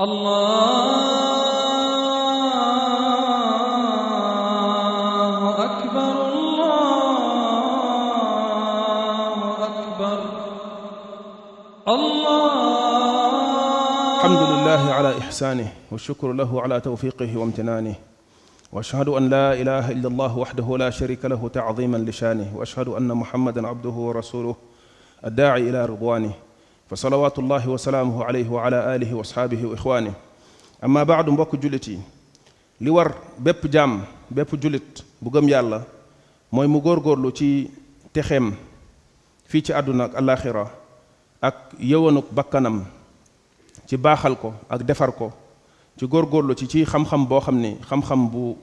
الله أكبر الله أكبر الله الحمد لله على إحسانه والشكر له على توفيقه وامتنانه واشهد ان لا اله الا الله وحده لا شريك له تعظيما لشانه واشهد ان محمدا عبده ورسوله الداعي الى رضوانه فصلوات الله وسلامه عليه وعلى آله وأصحابه وإخوانه أما بعد مبكو جلتي لور بيب جام بيب جلت بغم يالله موي مغور غور لو تي تخيم في تي أدناك الآخرة أك يوانوك بكنام تي باخلكو أك دفركو تي غور غور تي خم خم بو خم ني خم خم بو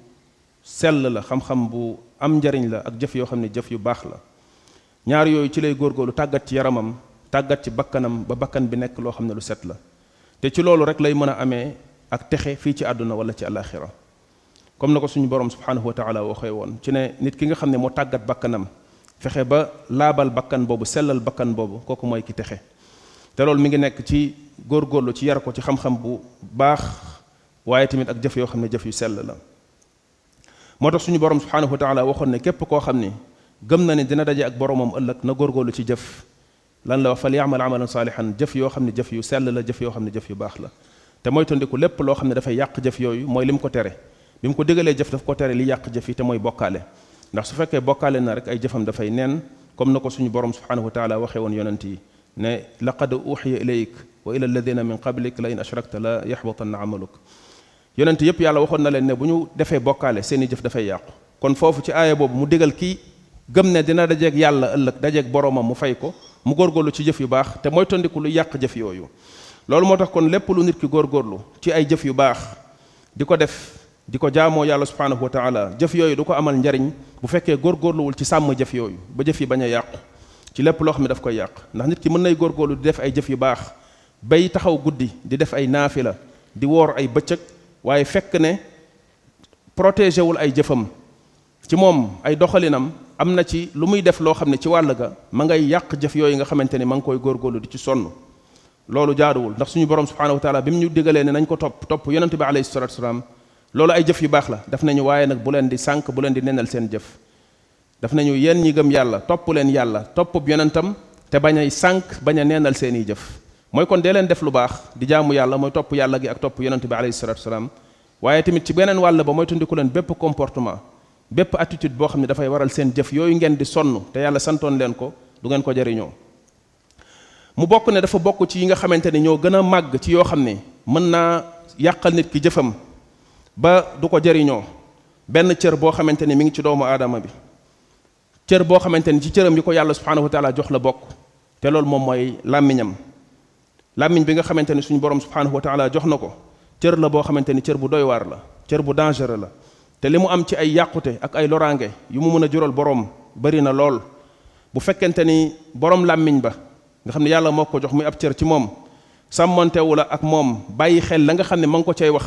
سل لا خم خم بو أم جرين لا أك جف يو خم جف يو باخ لا نيار يوي تي لي غور غور لو تاغت يرامم tàggat ci bakkanam ba bakkan bi nekk loo xam ne lu set la te ci loolu rek lay mën a amee ak texe fii ci àdduna wala ci alaxira comme na ko suñu borom subhanahu wa taala waxee woon ci ne nit ki nga xam ne moo tàggat bakkanam fexe ba laabal bakkan boobu sellal bakkan boobu kooku mooy ki texe te loolu mi ngi nekk ci góorgóorlu ci yar ko ci xam-xam bu baax waaye tamit ak jëf yoo xam ne jëf yu sell la moo tax suñu borom subhanahu wa taala waxoon ne képp koo xam gëm na ne dina daje ak boromam ëllëg na góorgóorlu ci jëf lan la wax fal amalan salihan jëf yoo xam ne jëf yu sell la jëf yoo xam ne jëf yu baax la te moytandiku lépp loo xam ne dafay yàq jëf yooyu mooy lim ko tere bi mu ko digalee jëf daf ko tere li yàq jëf yi te mooy bokkaale ndax su fekkee bokkaale na rek ay jëfam dafay neen comme na ko suñu borom subhanahu wa taala waxee woon yonent yi ne laqad uxiya ilayk wa ila alladina min qablik la in ashrakta la yaxbatanna amaluk yonent yépp yàlla waxoon na leen ne bu ñu defee bokkaale seeni jëf dafay yàqu kon foofu ci aaya boobu mu digal kii gëm ne dina dajeeg yàlla ëllëg dajeeg boromam mu fay ko mu gorgorlu ci jëf yu baax te tondiku lu yàq jëf yooyu loolu moo tax kon lépp lu nit ki gorgorlu ci ay jëf yu baax di ko def di ko jaamoo yàlla subhanahu wa taala jëf yooyu du ko amal njariñ bu fekkee góorgóorluwul ci sàmm jëf yooyu ba jëf yi bañ a yàqu ci lépp loo xam ne daf koy yàq ndax nit ki mën nay gorgorlu di def ay jëf yu baax bay taxaw guddi di def ay naafila di woor ay bëccëg waaye fekk ne protégé wul ay jëfam ci moom ay doxalinam amna ci lu muy def loo xam ne ci wàll ga ma ngay yàq jëf yooyu nga xamante ne ma ngi koy góorgóorlu di ci sonn loolu jaaruwul ndax suñu borom subhanahu wa taala bi mu ñu digalee ne nañ ko topp topp yonente bi alayhi salatu wasalaam loolu ay jëf yu baax la daf nañu waaye nag bu leen di sànk bu leen di nenal seen jëf daf nañu yéen ñi gëm yàlla topp leen yàlla toppub yonentam te bañ ay sànk bañ a neenal seen i jëf mooy kon dee leen def lu baax di jaamu yàlla mooy topp yàlla gi ak topp yonente bi alayhi salatu wasalaam waaye tamit ci beneen wàll ba mooy tundiku leen bépp comportement bépp attitude boo xam ne dafay waral seen jëf yooyu ngeen di sonn te yàlla santoon leen ko du ngeen ko jariñoo mu bokk ne dafa bokk ci yi nga xamante ne ñoo gën a màgg ci yoo xam ne mën naa yàqal nit ki jëfam ba du ko jariñoo benn cër boo xamante ne mi ngi ci doomu aadama bi cër boo xamante ni ci cëram yi ko yàlla subhanahu wa taala jox la bokk te loolu moom mooy làmmiñam làmmiñ bi nga xamante ne suñu borom subhanahu wa taala jox na ko cër la boo xamante cër bu doy waar la cër bu dangereux la te li mu am ci ay yàqute ak ay loraange yu mu mën a jural borom bari na lool bu fekkente ni borom làmmiñ ba nga xam ne yàlla moo ko jox muy ab cër ci moom sàmmantewu la ak moom bàyyi xel la nga xam ne ma ko cay wax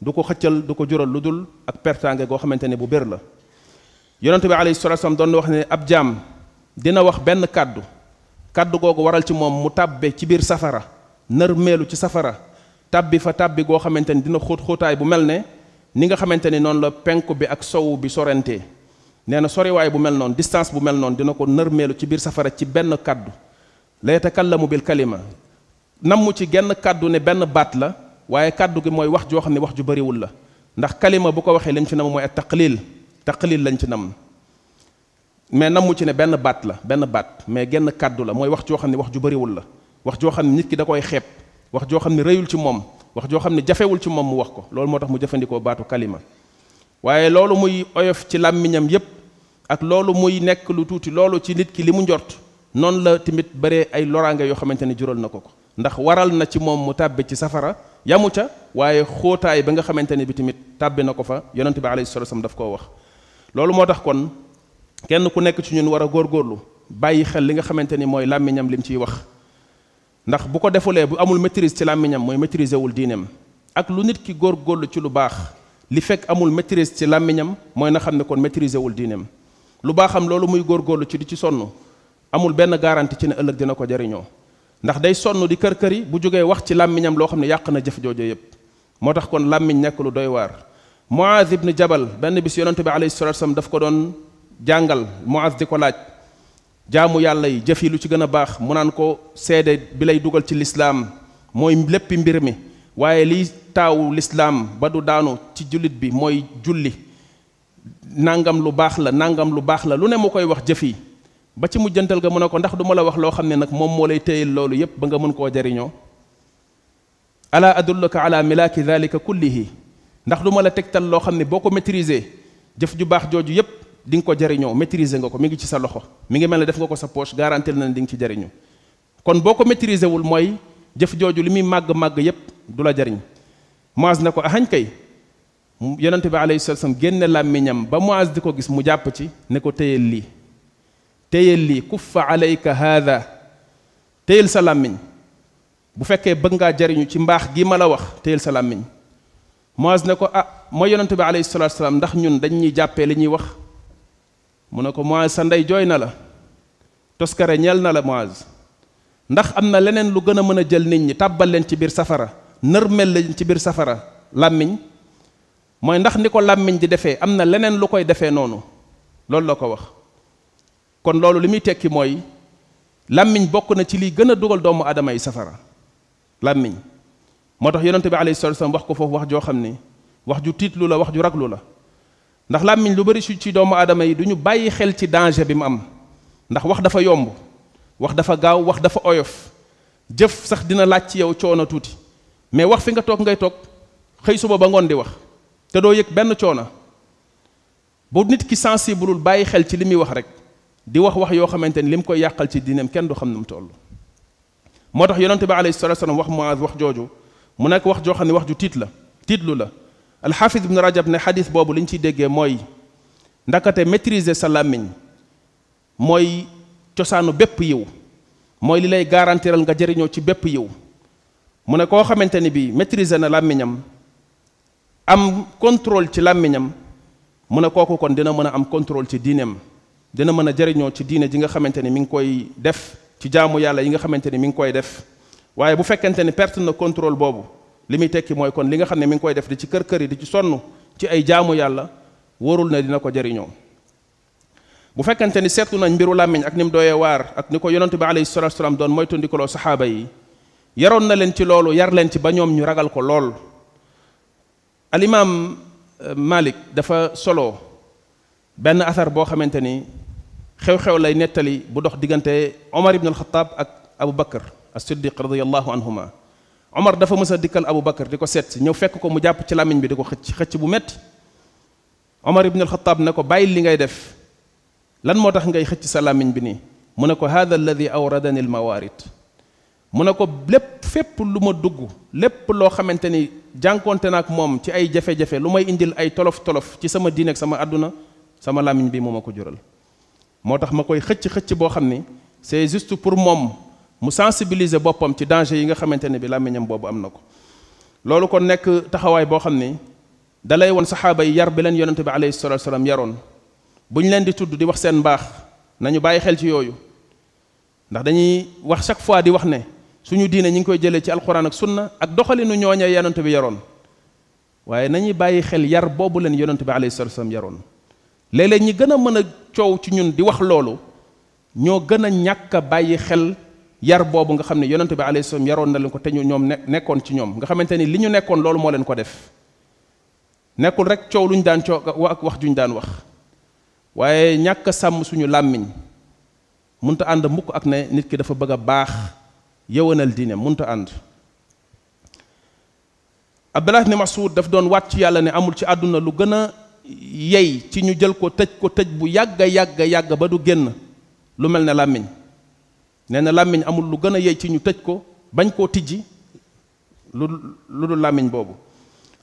du ko xëccal du ko jural lu dul ak pertange goo xamante ne bu bér la yonente bi alayhi salatu wasallam doon wax ne ab jaam dina wax benn kàddu kàddu googu waral ci moom mu tàbbe ci biir safara nër meelu ci safara tàbbi fa tàbbi goo xamante ni dina xóot xóotaay bu mel ne ni nga xamanteni non la penku bi ak sowu bi sorente nee sori way bu mel non distance bu mel non dina ko nërmeelu ci bir safara ci ben kàddu la yatakallamu bil kalima namu ci genn kàddu ne ben bat la waye kàddu gi moy wax jo xamni wax ju bari wul la ndax kalima bu ko waxe lim ci nam moy taqlil taqlil lañ ci nam mais namu ci ne ben bat la ben bat mais genn kàddu la moy wax jo xamni wax ju bari wul la wax jo xamni nit ki da koy xeeb wax jo xamni reuyul ci mom wax joo xam ne jafewul ci moom mu wax ko loolu moo tax mu jëfandikoo baatu kalima waaye loolu muy oyof ci làmmiñam yépp ak loolu muy nekk lu tuuti loolu ci nit ki li mu njort noonu la timit bare ay loraange yoo xamante ne jural na ko ko ndax waral na ci moom mu tàbbe ci safara yamu ca waaye xóotaay ba nga xamante ne bi tamit tàbbi na ko fa yonente bi alayhi salatu daf koo wax loolu moo tax kon kenn ku nekk ci ñun war a góorgóorlu bàyyi xel li nga xamante ni mooy làmmiñam lim ciy wax ndax bu ko defulé bu amul maîtrise ci lamiñam moy maîtriser wul dinem ak lu nit ki gor góorgóorlu ci lu bax li fek amul maîtrise ci lamiñam moy na xamné kon maîtriser wul dinem lu baxam lolu muy gor góorgóorlu ci di ci sonu amul ben garantie ci ne ëllëg dina ko jariño ndax day sonu di kër kër yi bu jógee wax ci lamiñam lo xamné ne yàq na jëf jojo yépp motax kon lamiñ nek lu doy war Muaz ibn Jabal ben bis yonente bi alayhi salatu wasallam daf ko don jàngal Muaz diko laaj jaamu yàlla yi jëf yi lu ci gën a baax mu naan ko seede bi lay dugal ci lislaam mooy lépp mbir mi waaye liy taawu lislaam ba du daanu ci jullit bi mooy julli nangam lu baax la nangam lu baax la lu ne mu koy wax jëf yi ba ci mujjantal ga mu ne ko ndax du ma la wax loo xam ne nag moom moo lay téyel loolu yépp ba nga mën koo jariñoo ala adulluka ala milaki dalika kullihi ndax du ma la tegtal loo xam ne boo ko maîtriser jëf ju baax jooju yépp di nga ko jariñoo maîtriser nga ko mi ngi ci sa loxo mi ngi mel ne def nga ko sa poche garantil na ne di nga ci jariñu kon boo ko maîtriser wul mooy jëf jooju li muy màgg-màgg yépp du la jariñ Muaz na ko ahañ kay yonente bi alayhi salaam génne làmmiñam ba Muaz di ko gis mu jàpp ci ne ko téyel lii téyel lii kuffa alayka haada téyel sa làmmiñ bu fekkee bëgg ngaa jariñu ci mbaax gi ma la wax téyel sa làmmiñ Muaz ne ko ah mooy yonente bi alayhi salaatu salaam ndax ñun dañ ñuy jàppee li ñuy wax mu ne ko Muaz sa ndey jooy na la toskare ñeel na la Muaz ndax am na leneen lu gën a mën a jël nit ñi tàbbal leen ci biir safara nërmel leen ci biir safara làmmiñ mooy ndax ni ko làmmiñ di defee am na leneen lu koy defee noonu loolu la ko wax kon loolu li muy tekki mooy làmmiñ bokk na ci liy gën a dugal doomu aadama yi safara làmmiñ moo tax yonente bi alayhi salatu wasallam wax ko foofu wax joo xam ni wax ju tiitlu la wax ju raglu la ndax làmmiñ lu bari su ci doomu adama yi duñu bàyyi xel ci danger bi mu am ndax wax dafa yomb wax dafa gaaw wax dafa oyof jëf sax dina laaj yow coono tuuti mais wax fi nga toog ngay toog xëy suba ba ngoon di wax te doo yëg benn coono bu nit ki sensibleul bàyyi xel ci limi wax rek di wax wax yoo xamante ni li koy yàqal ci dinam kenn du xam nu mu toll moo tax yonente bi alayhi salatu wasalam wax Muaz wax jooju mu nekk wax joo xam ne wax ju tiit la tiitlu la alxaafis ibnu rajab ne xadis boobu li ñu ciy déggee mooy ndakate maîtriser sa làmmiñ mooy cosaanu bépp yiw mooy li lay garantiral nga jëriñoo ci bépp yiw mu ne koo xamante ni bii maîtriser na làmmiñam am contrôle ci làmmiñam mu ne kooku kon dina mën a am contrôle ci diineem dina mën a jëriñoo ci diine ji nga xamante ni mi ngi koy def ci jaamu yàlla yi nga xamante ni mi ngi koy def waaye bu fekkente ni perte na contrôle boobu limi tekki moy kon li nga xamne mi ngi koy def di ci kër kër yi di ci sonu ci ay jaamu yàlla worul na dina ko jariño bu fekkante ni setu nañ mbiru làmmiñ ak nim doye war ak niko ko bi alayhi salatu don moy tondi ko lo sahaba yi yaron na len ci lolu yar len ci ba ñom ñu ragal ko lol al imam malik dafa solo ben athar bo xamanteni xew-xew lay netali bu dox digante omar ibn al khattab ak abou bakar as siddiq radiyallahu anhuma omar dafa mës a dikkal abou bakar di ko seet si ñëw fekk ko mu jàpp ci làmmiñ bi di ko xëcc xëcc bu metti omar ibn alxataab ne ko bàyyi li ngay def lan moo tax ngay xëcc sa làmmiñ bi nii mu ne ko hada alladi awradani almawaarid mu ne ko lépp fépp lu ma dugg lépp loo xamante ni jànkonte naak moom ci ay jafe-jafe lu may indil ay tolof-tolof ci sama diine ak sama àdduna sama làmmiñ bi moo ma ko jural moo tax ma koy xëcc xëcc boo xam ni c'est juste pour moom mu sensibiliser boppam ci danger yi nga xamante ne bi làmmiñam boobu am na ko loolu kon nekk taxawaay boo xam ni dalay woon saxaaba yi yar bi leen yonente bi alayhi salatu salaam yaroon bu ñu leen di tudd di wax seen baax nañu bàyyi xel ci yooyu ndax dañuy wax chaque fois di wax ne suñu diine ñi ngi koy jëlee ci alxuraan ak sunna ak doxalinu ñooñee yonente bi yaroon waaye nañuy bàyyi xel yar boobu leen yonente bi alayhi salatu salaam yaroon léeg-léeg ñi gën a mën a coow ci ñun di wax loolu ñoo gën a ñàkk bàyyi xel yar boobu nga xam ne yonente bi alayhi salaam yaroon na leen ko te ñu ñoom nekkoon ci ñoom nga xamante ni li ñu nekkoon loolu moo leen ko def nekkul rek coow luñ daan coow ak wax juñ daan wax waaye ñàkk sàmm suñu làmmiñ munta ànd mukk ak ne nit ki dafa bëgg a baax yëwanal diine munta ànd abdullah ibni masud daf doon wàcc yàlla ne amul ci àdduna lu gën a yey ci ñu jël ko tëj ko tëj bu yàgg yàgg yàgg ba du génn lu mel ne làmmiñ nee lamiñ amul lu gëna a yey ci ñu tëj ko bañ ko tijji lu lu lamiñ làmmiñ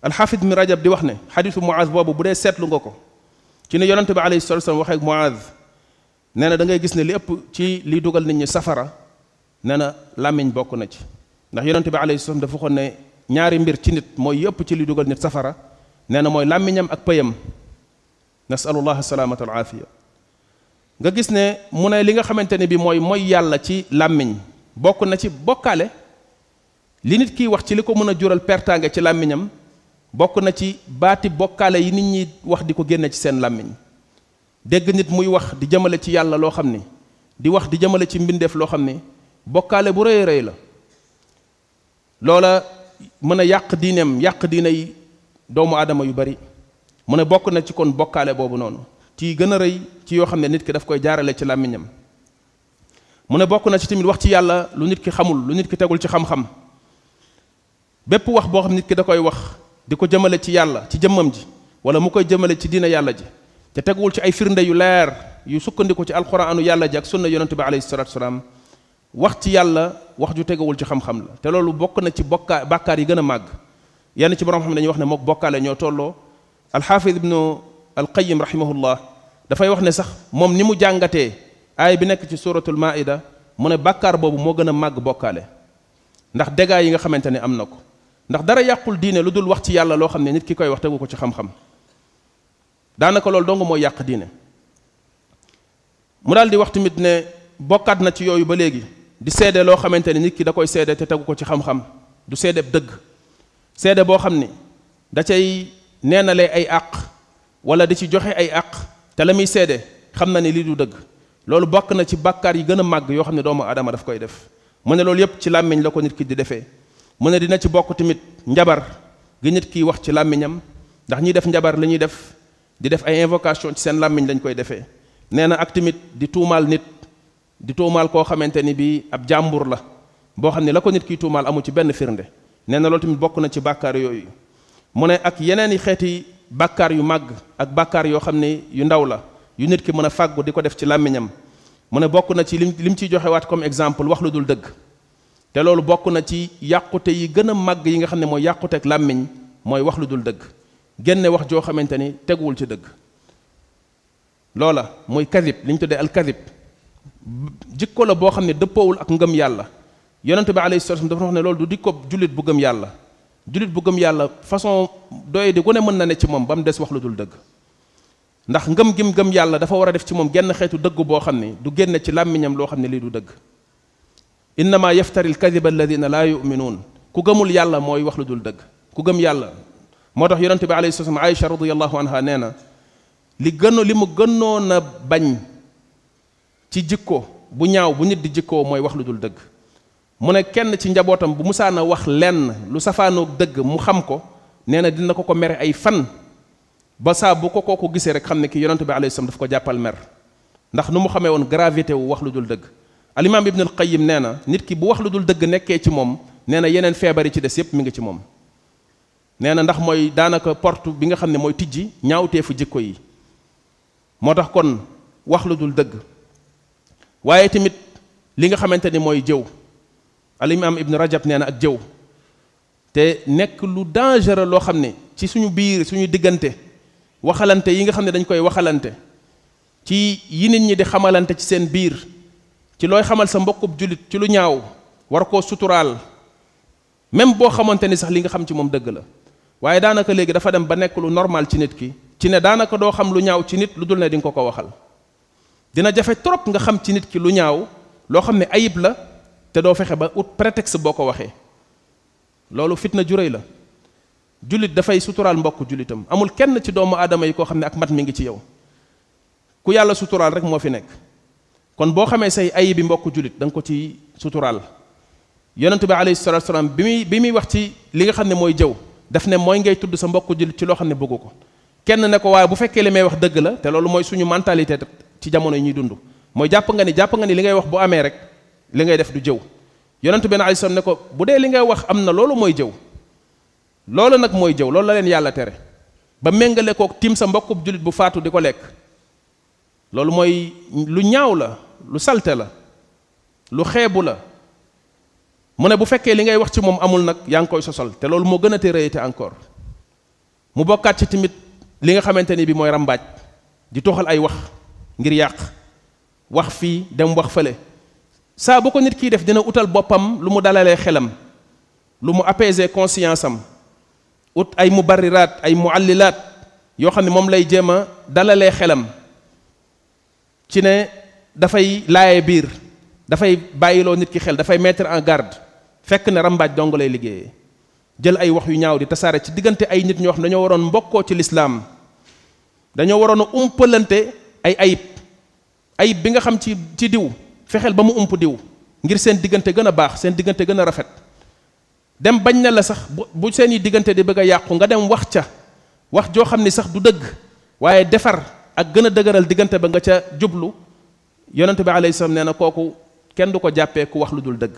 al hafid mi rajab di wax ne hadith Muaz boobu bu dee seetlu nga ko ci ne yonante bi alayhi salatu wasallam waxee ak Muaz nee da ngay gis ne li ëpp ci li dugal nit ñi safara nee lamiñ làmmiñ bokk na ci ndax yonante bi alayhi salatu wasallam dafa xone ñaari mbir ci nit mooy yëpp ci li dugal nit safara nee na mooy làmmiñam ak pëyam nasalullah salaamata al nga gis ne mu ne li nga xamante ne bi mooy mooy yàlla ci làmmiñ bokk na ci bokkaale li nit kiy wax ci li ko mën a jural pertaange ci làmmiñam bokk na ci baati bokkaale yi nit ñi wax di ko génne ci seen làmmiñ dégg nit muy wax di jëmale ci yàlla loo xam ni di wax di jëmale ci mbindeef loo xam ni bokkaale bu rëy rëy la loola mën a yàq diineem yàq diiney doomu aadama yu bari mu ne bokk na ci kon bokkaale boobu noonu ci gëna reuy ci yo xamne nit ki daf koy jaarale ci lamiñam mu ne bokku na ci timit wax ci yàlla lu nit ki xamul lu nit ki tegul ci xam-xam bépp wax bo xam nit ki da koy wax diko jëmele ci yàlla ci jëmmam ji wala mu koy jëmele ci dina yàlla ji te teguwul ci ay firnde yu leer yu sukkandiko ci alquraanu yàlla ji ak sunna yonente bi alayhi salatu wasalam wax ci yàlla wax ju tegewul ci xam-xam la te loolu bokk na ci bokka bakkar yi gëna mag yenn ci borom xam dañuy wax ne mook bokkaale ñoo tolloo alxaafid ibnu alqayim rahimahullah da fay wax ne sax mom ni mu jàngatee aay bi nek ci suratul maida mu ne bàkkaar boobu moo gën a màgg ndax dega yi nga xamantene am nako ndax dara yàqul diine ludul wax ci yàlla lo xamne nit ki koy wax tegu ko ci xam-xam daanaka loolu dong mo yàq diine mu daldi di wax tamit ne bokkaat na ci yoyu ba legi di sédé lo xamantene nit ki da koy sédé te tegu ko ci xam-xam du sédé deug sédé bo xam da cey nénalé ay àq wala di ci joxe ay àq te la seede xam na ne lii du dëgg loolu bokk na ci bàkkaar yi gën a màgg yoo xam ne doomu aadama daf koy def mu ne loolu yëpp ci làmmiñ la ko nit ki di defee mu ne dina ci bokk tamit njabar gi nit kiy wax ci làmmiñam ndax ñiy def njabar la ñuy def di def ay invocation ci seen làmmiñ lañ koy defee nee na ak tamit di tuumaal nit di tuumaal koo xamante ni bii ab jàmbur la boo xam ne la ko nit kiy tuumaal amu ci benn firnde nee na loolu tamit bokk na ci bàkkaar yooyu mu ne ak yeneeni i xeeti bàkkaar yu mag ak bakar yoo xam ne yu ndaw la yu nit ki mën a fàggu di ko def ci làmmiñam mu ne bokk na ci lim lim ciy joxewaat comme exemple wax lu dul dëgg te loolu bokk na ci yàqute yi gën a yi nga xam ne mooy yàquteeg làmmiñ mooy wax lu dul dëgg génne wax joo xamante ni teguwul ci dëgg loola muy kadib li ñu tuddee al kadib jikko la boo xam ne dëppoowul ak ngëm yàlla yonente bi alayhi salaam dafa wax ne loolu du dikko julit bu gëm yàlla jullit bu gëm yàlla façon doy di gu mën na ne ci moom bam mu des wax lu dul dëgg ndax ngëm gim gëm yàlla dafa war a def ci moom genn xeetu dëgg boo xam ne du génn ci làmmiñam loo xam ne lii du dëgg innama yaftari al alkadiba alladina la yuminun ku gëmul yàlla mooy wax lu dul dëgg ku gëm yàlla moo tax yonente bi alayhi salaam aisha radiallahu anha nee na li gëno li mu gënoon a bañ ci jikko bu ñaaw bu nit di jikko mooy wax lu dul dëgg mu ne kenn ci njabootam bu na wax lenn lu safaanoog dëgg mu xam ko nee na dina ko ko mere ay fan ba saa bu ko kooku gisee rek xam ne ki yonente bi alayhi salaam daf ko jàppal mer ndax nu mu xamee woon gravité wu wax lu dul dëgg alimaam ibn al qayim nee na nit ki bu wax lu dul dëgg nekkee ci moom nee na yeneen feebar yi ci des yépp mi ngi ci moom nee na ndax mooy daanaka porte bi nga xam ne mooy tijji ñaawteefu jikko yi moo tax kon wax lu dul dëgg waaye tamit li nga xamante ni mooy jëw al imaam ibnu rajab nee na ak jëw te nekk lu dangereux loo xam ne ci suñu biir suñu diggante waxalante yi nga xam ne dañ koy waxalante ci yi nit ñi di xamalante ci seen biir ci looy xamal sa mbokkub jullit ci lu ñaaw war koo suturaal même boo xamante ni sax li nga xam ci moom dëgg la waaye daanaka léegi dafa dem ba nekk lu normal ci nit ki ci ne daanaka doo xam lu ñaaw ci nit lu dul ne di nga ko ko waxal dina jafe trop nga xam ci nit ki lu ñaaw loo xam ne ayib la te doo fexe ba ut prétexte boo ko waxee loolu fitna ju rëy la jullit dafay sutural mbokk julitam amul kenn ci doomu aadama yi koo xam ne ak mat mi ngi ci yow ku yàlla sutural rek moo fi nekk kon boo xamee say ayi bi mbokk jullit da nga ko ci sutural yonente bi alayhi salatu salaam bi muy bi muy wax ci li nga xam ne mooy jëw daf ne mooy ngay tudd sa mbokk julit ci loo xam ne bëggu ko kenn ne ko waaye bu fekkee li may wax dëgg la te loolu mooy suñu mentalité ci jamono yi ñuy dund mooy jàpp nga ni jàpp nga ni li ngay wax bu amee rek li ngay def du jëw yonentu bi alayhi ne ko bu dee li ngay wax am na loolu mooy jëw loolu nag mooy jëw loolu la leen yàlla tere ba méngale kook tiim sa mbokku jullit bu faatu di ko lekk loolu mooy lu ñaaw la lu salte la lu xeebu la mu ne bu fekkee li ngay wax ci moom amul nag yaa ngi koy sosol te loolu moo gën a téeréyate encore mu bokkaat ci tamit li nga xamante ni bi mooy rambaaj di toxal ay wax ngir yàq wax fii dem wax fële saa bu ko nit kiy def dina utal boppam lu mu dalalee xelam lu mu apaiser conscience am ut ay mubarriraat ay muallilaat yoo xam ne moom lay jéem a dalalee xelam ci ne dafay laaye biir dafay bàyyiloo nit ki xel dafay mettre en garde fekk ne rambaaj dong lay liggéeyee jël ay wax yu ñaaw di tasaare ci diggante ay nit ñoo xam dañoo waroon mbokkoo ci lislaam dañoo waroon a umpalante ay ayib ayib bi nga xam ci ci diw fexel ba mu ump diw ngir seen diggante gën a baax seen diggante gën a rafet dem bañ na la sax bu bu seen diggante di bëgg a yàqu nga dem wax ca wax joo xam ni sax du dëgg waaye defar ak gën a dëgëral diggante ba nga ca jublu yonente bi alayhi salaam nee na kooku kenn du ko jàppee ku wax lu dul dëgg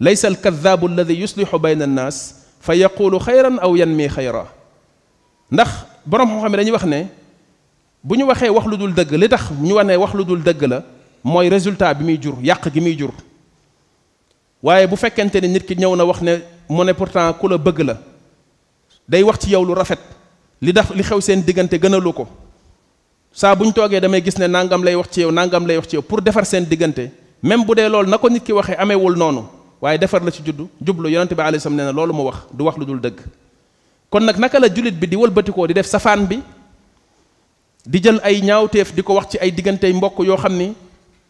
laysa al kadaabu alladi yuslihu bayna an-nas fa yaqulu khayran aw yanmi khayra ndax borom xam-xam dañuy wax ne bu ñu waxee wax lu dul dëgg li tax ñu wane wax lu dul dëgg la mooy résultat bi muy jur yàq gi muy jur waaye bu fekkente ni nit ki ñëw na wax ne mu ne pourtant ku la bëgg la day wax ci yow lu rafet li daf li xew seen diggante gënalu ko saa bu ñu toogee damay gis ne nangam lay wax ci yow nangam lay wax ci yow pour defar seen diggante même bu dee loolu na ko nit ki waxee ameewul noonu waaye defar la ci juddu jublu yonente bi alayhi salaam nee loolu mu wax du wax lu dul dëgg kon nag naka la jullit bi di wëlbatikoo di def safaan bi di jël ay ñaawteef di ko wax ci ay diggantey mbokk yoo xam ni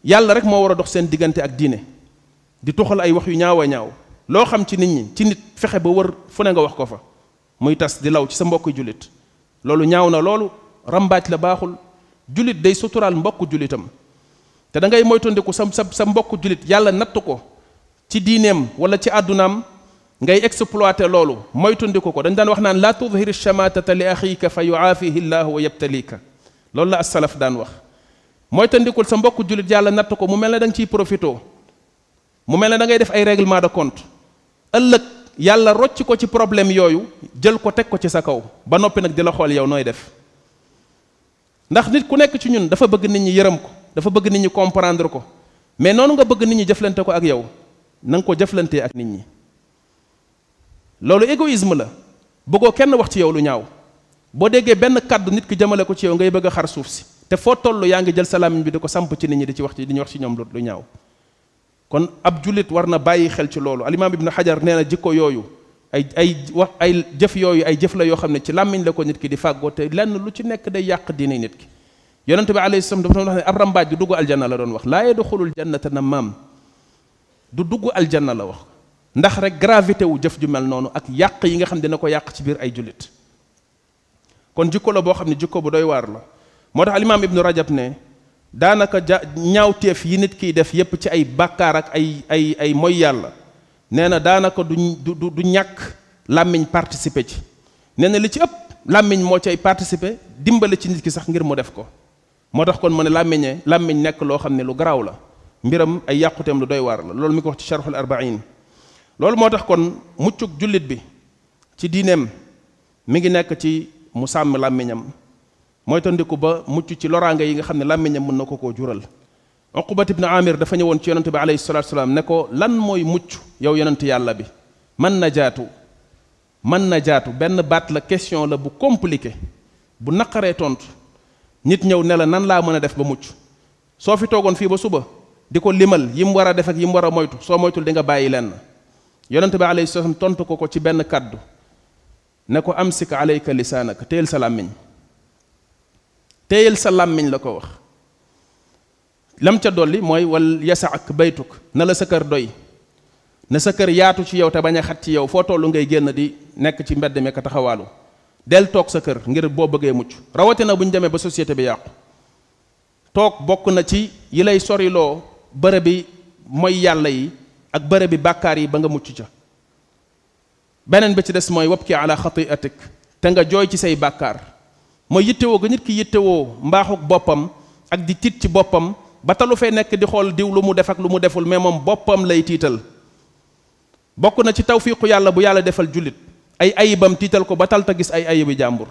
yàlla rek mo wara dox sen digante ak diine di tuxal ay wax yu ñaaw a ñaaw loo xam ci nit ñi ci nit fexe ba wër fu ne nga wax ko fa muy tas di law ci sa mbokk julit lolu ñaaw na lolu rambaaj la baxul julit day suturaal mbokk julitam te da ngay moytandiku sa sa sa mbokk julit yàlla natt ko ci diineem wala ci àddunaam ngay exploiter lolu moytandiku ko dañ dan wax naan la tudhir shamatata li akhika fa llahu wa yabtalika lolu la as salaf daan wax mooy tandikul sa mbokk jullit yàlla natt ko mu mel ne da ciy profito mu mel ne da ngay def ay règlement de compte ëllëg yàlla rocc ko ci problème yooyu jël ko teg ko ci sa kaw ba noppi nag di la xool yow nooy def ndax nit ku nekk ci ñun dafa bëgg nit ñi yërëm ko dafa bëgg nit ñi comprendre ko mais noonu nga bëgg nit ñi jëflante ko ak yow nanga nga ko jëflantee ak nit ñi loolu égoïsme la bëggoo kenn wax ci yow lu ñaaw boo déggee benn kàddu nit ki jëmale ko ci yow ngay bëgg a xar suuf si te fo tollu ya nga jël salam bi diko samp ci nit ñi di ci wax ci di ñu ci ñoom lu ñaaw kon ab julit warna bàyyi xel ci lolu al imam ibn nee neena jikko yoyu ay ay wax ay jëf yoyu ay jëf la yo xamne ci làmmiñ la ko nit ki di fàggoo te lenn lu ci nekk day yàq diine nit ki yonent bi alayhi salam dafa wax ne ab rambaaj du duggu aljanna la doon wax la yadxulul jannata namam du duggu aljanna la wax ndax rek gravité wu jëf ju mel noonu ak yàq yi nga xam dina ko yàq ci biir ay julit kon jikko la boo xam ne jikko bu doy waar la moo tax alimaam ibnu rajab ne daanaka ja ñaawteef yi nit kiy def yépp ci ay bàkkaar ak ay ay ay moy yàlla nee na daanaka du du du ñàkk làmmiñ participer ci nee na li ci ëpp làmmiñ moo cay participer dimbale ci nit ki sax ngir mu def ko moo tax kon mu ne làmmiñe làmmiñ nekk loo xam ne lu garaaw la mbiram ay yàquteem lu doy waar la loolu mi ko ci charxul arbain loolu moo tax kon muccug jullit bi ci diineem mi ngi nekk ci mu sàmm làmmiñam moy moytandiku ba muccu ci loranga yi nga xamne ne mën nako ko jural uqubat ibn amir dafa ñewon ci yonente bi alayhi salatu wasalaam ne ko lan moy muccu yow yonente yàlla bi man najatu man najatu ben bat la question la bu compliqué bu nakare tontu nit ñëw ne la nan la mëna def ba muccu so fi togon fi ba suba diko limal yim wara def ak yim wara war a moytu soo moytul di nga bàyyi len yonente bi alayhi salatu wasalaam tontu ko ko ci ben kaddu ne ko amsik alayka lisanaka téel sa téyel sa làmmiñ la ko wax lam ca dolli mooy wal yasa baytuk na la sa kër doy na sa kër yaatu ci yow te bañ a xat ci yow foo tollu ngay génn di nekk ci mbedd mi ka taxawaalu del toog sa kër ngir boo bëggee mucc rawatina bu ñu demee ba société bi yàqu toog bokk na ci yi lay soriloo bërëb bi mooy yàlla yi ak bërëb bi bàkkaar yi ba nga mucc ca beneen bi ci des mooy wabki ala xatiatik te nga jooy ci say bàkkaar mooy yittewoo ga nit ki yittewoo mbaaxuk boppam ak di tiit ci boppam ba talu fee nekk di xool diw lu mu def ak lu mu deful mais moom boppam lay tiital bokk na ci tawfiiqu yàlla bu yàlla defal jullit ay ayibam tiital ko ba talta gis ay ayibi jàmbur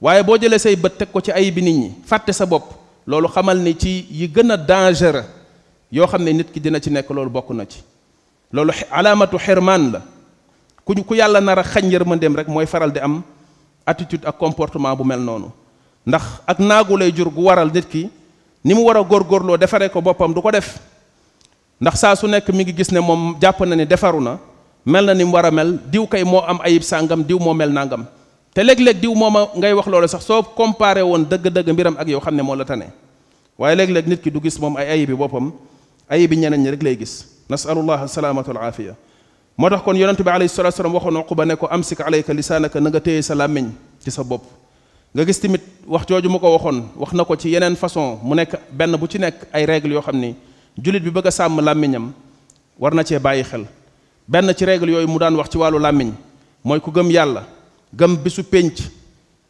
waaye boo jëlee say bët teg ko ci ayibi nit ñi fàtte sa bopp loolu xamal ni ci yi gën a dangereux yoo xam ne nit ki dina ci nekk loolu bokk na ci loolu alaamatu xirmaan la ku ku yàlla nar a xañ yërmandeem rek mooy faral di am attitude ak comportement bu mel noonu ndax ak naagu lay jur gu waral nit ki ni mu war a góorgóorloo defare ko boppam du ko def ndax saa su nekk mi ngi gis ne moom jàpp na ni defaru na mel na ni mu war a mel diw kay moo am ayib sàngam diw moo mel nangam te léeg-léeg diw mooma ngay wax loolu sax soo comparé woon dëgg-dëgg mbiram ak yow xam ne moo la tane waaye léeg-léeg nit ki du gis moom ay ayibi boppam ayibi ñeneen ñi rek lay gis nasalullah salaamatu al aafiya motax kon yaronte bi alayhi salatu wasallam waxono uquba ne ko amsik alayka lisanaka nga téye sa làmmiñ ci sa bop nga gis timit wax joju mako waxon wax nako ci yenen façon mu nek ben bu ci nek ay règle yo xamni julit bi bëgg sam lamignam warna ci na bàyyi xel ben ci règle yoy mu daan wax ci walu lamign moy ku gëm yàlla gëm bisu pénc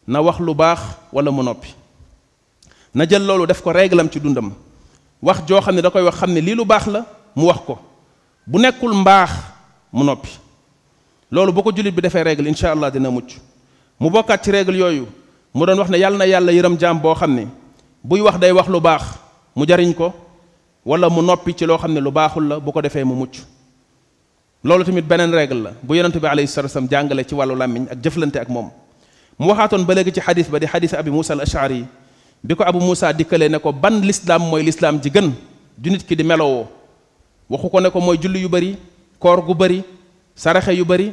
na wax lu bax wala mu nopi na jël lolu def ko règle réglam ci dundam wax jo xamni da koy wax xamni li lu bax la mu wax ko bu nekul mbax mu noppi loolu bu ko jullit bi defee règle incha allah dina mucc mu bokkaat ci règle yooyu mu doon wax ne yàlla na yàlla yërëm jaam boo xam ne buy wax day wax lu baax mu jariñ ko wala mu noppi ci loo xam ne lu baaxul la bu ko defee mu mucc loolu tamit beneen règle la bu yonente bi alayhi salatu wasallam jàngale ci wàllu làmmiñ ak jëflante ak moom mu waxaatoon ba léegi ci hadith ba di hadith abi musa al ashari bi ko abu musa dikkalee ne ko ban lislaam mooy lislaam ji gën ju nit ki di melowoo waxu ko ne ko mooy julli yu bari koor gu bëri saraxe yu bëri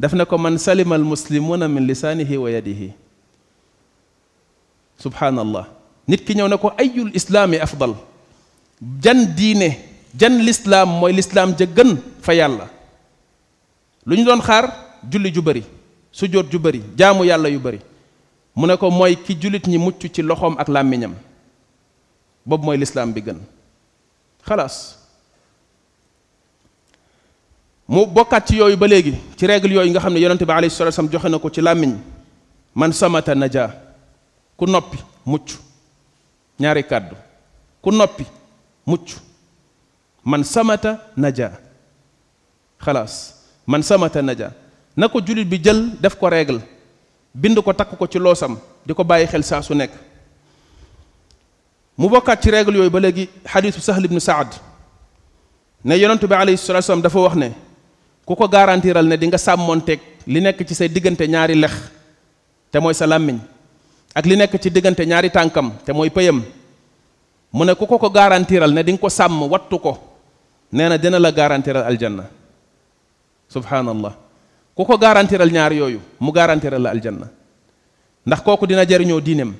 daf ne ko man salima al muslimuna min lisaanihi wa yadihi subhaanallah nit ki ñëw ne ko ayul islaami afdal jan diine jan lislaam mooy lislaam ja gën fa yàlla lu ñu doon xaar julli ju bëri sujjóot ju bëri jaamu yàlla yu bëri mu ne ko mooy ki jullit ñi mucc ci loxoom ak làmmiñam boobu mooy lislaam bi gën xalaas mu bokkat ci yooyu ba léegi ci règle yooyu nga xam ne yonente bi alayhi salatu wasallam joxe na ko ci làmmiñ man samata naja ku noppi mucc ñaari kàddu ku noppi mucc man samata naja xalaas man samata naja na ko julit bi jël def ko règle bind ko takk ko ci loosam di ko bàyyi xel saa su nekk mu bokkat ci règle yooyu ba léegi xadisu sahl ibnu saad ne yonentu bi alayhi salatu wasallam dafa wax ne ku ko garantiral ne di nga sàmmonteeg li nekk ci say diggante ñaari lex te mooy sa làmmiñ ak li nekk ci diggante ñaari tànkam te mooy pëyam mu ne ku ko ko garantiral ne di nga ko sàmm wattu ko nee na dina la garantiral aljanna subhaanallah ku ko garantiral ñaar yooyu mu garantiral la aljanna ndax kooku dina jariñoo diineem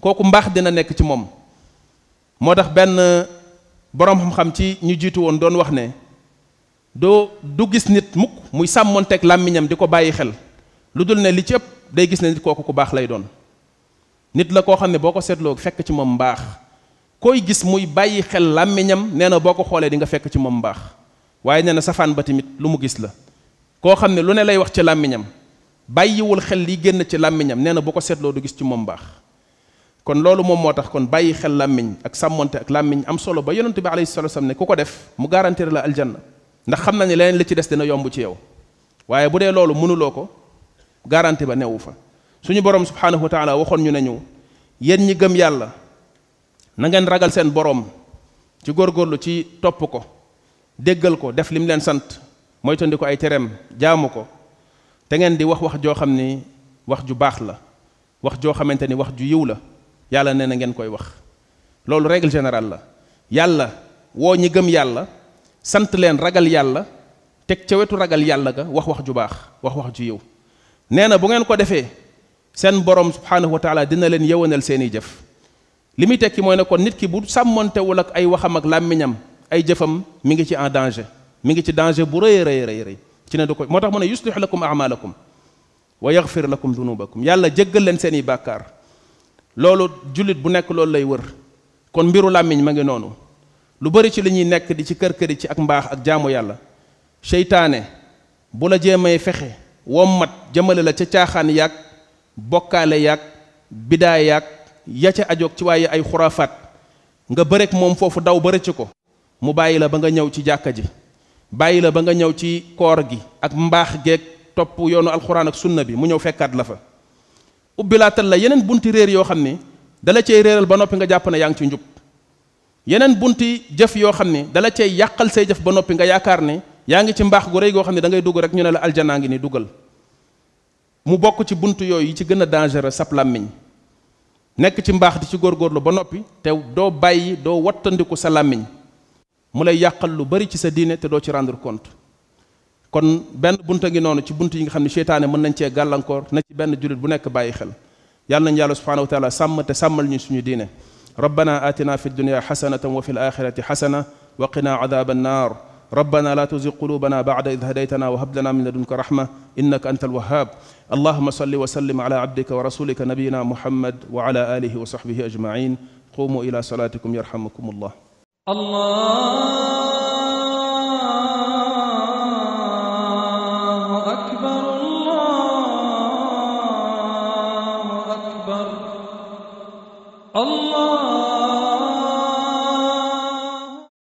kooku mbaax dina nekk ci moom moo tax benn borom xam-xam ci ñu jiitu woon doon wax ne doo du gis nit mukk muy sàmmonteeg làmmiñam di ko bàyyi xel lu dul ne li ci ëpp day gis ne nit kooku ku baax lay doon nit la koo xam ne boo ko seetloo fekk ci moom mbaax koy gis muy bàyyi xel làmmiñam nee na boo ko xoolee di nga fekk ci moom mbaax waaye ne na safaan ba tamit lu mu gis la koo xam ne lu ne lay wax ci làmmiñam bàyyiwul xel lii génn ci làmmiñam nee na boo ko seetloo du gis ci moom mbaax kon loolu moom moo tax kon bàyyi xel làmmiñ ak sàmmonte ak làmmiñ am solo ba yonent bi alayhi salaatu wa salaam ne ku ko def mu garantir la aljanna ndax xam na ni leneen li ci des dina yomb ci yow waaye bu dee loolu mënuloo ko garanti ba newu fa suñu borom subhanahu wa taala waxoon ñu ne ñu yéen ñi gëm yàlla na ngeen ragal seen borom ci góorgóorlu ci topp ko déggal ko def lim leen sant moytandi ko ay terem jaamu ko te ngeen di wax wax joo xam ni wax ju baax la wax joo xamante ni wax ju yiw la yàlla nee na ngeen koy wax loolu règle générale la yàlla woo ñi gëm yàlla sant leen ragal yàlla teg ca wetu ragal yàlla ga wax wax ju baax wax wax ju yiw nee na bu ngeen ko defee seen borom subhanahu wa taala dina leen yëwanal seeni jëf li muy tekki mooy ne kon nit ki bu wul ak ay waxam ak làmmiñam ay jëfam mi ngi ci en danger mi ngi ci danger bu rëy rëy rëy rëy ci ne du ko moo tax mu ne yuslih lakum amalakum wa yaghfir lakum dunubakum yàlla jéggal leen seeni bàkkaar loolu julit bu nekk loolu lay wër kon mbiru làmmiñ ma ngi noonu lu bari ci li ñuy nekk di ci kër këri ci ak mbaax ak jaamu yàlla seytaane bu la jéemay fexe wommat jëmale la ca caaxaan yàq bokkaale yàgg bidaa yàgg ya ca ajoog ci waaye ay xuraafaat nga bërek moom foofu daw ba rëcc ko mu bàyyi la ba nga ñëw ci jàkka ji bàyyi la ba nga ñëw ci koor gi ak mbaax geeg topp yoonu alxuraan ak sunna bi mu ñëw fekkaat la fa ubbilaatal la yeneen bunt réer yoo xam ne dala cay réeral ba noppi nga jàpp na yaa ngi ci njub yeneen yi jëf yoo xam ne dala cee yàqal say jëf ba noppi nga yaakaar ne yaa ngi ci mbaax gu rey goo xam ne da ngay dugg rek ñu ne la aljanaa ngi ni dugal mu bokk ci bunt yooyu yi ci gën a danger sab làmmiñ nekk ci mbaax di ci góorgóorlu ba noppi te doo bàyyi doo wattandiku sa làmmiñ mu lay yàqal lu bari ci sa diine te doo ci rendre compte kon benn bunta ngi noonu ci bunt yi nga xam ne seytaane mën nañ cee gàllankoor na ci benn jullit bu nekk bàyyi xel yàlla nañ yàlla subhanahu wa taala sàmmal ñu suñu diine ربنا آتنا في الدنيا حسنة وفي الآخرة حسنة وقنا عذاب النار ربنا لا تزغ قلوبنا بعد إذ هديتنا وهب لنا من لدنك رحمة إنك أنت الوهاب اللهم صل وسلم على عبدك ورسولك نبينا محمد وعلى آله وصحبه أجمعين قوموا إلى صلاتكم يرحمكم الله الله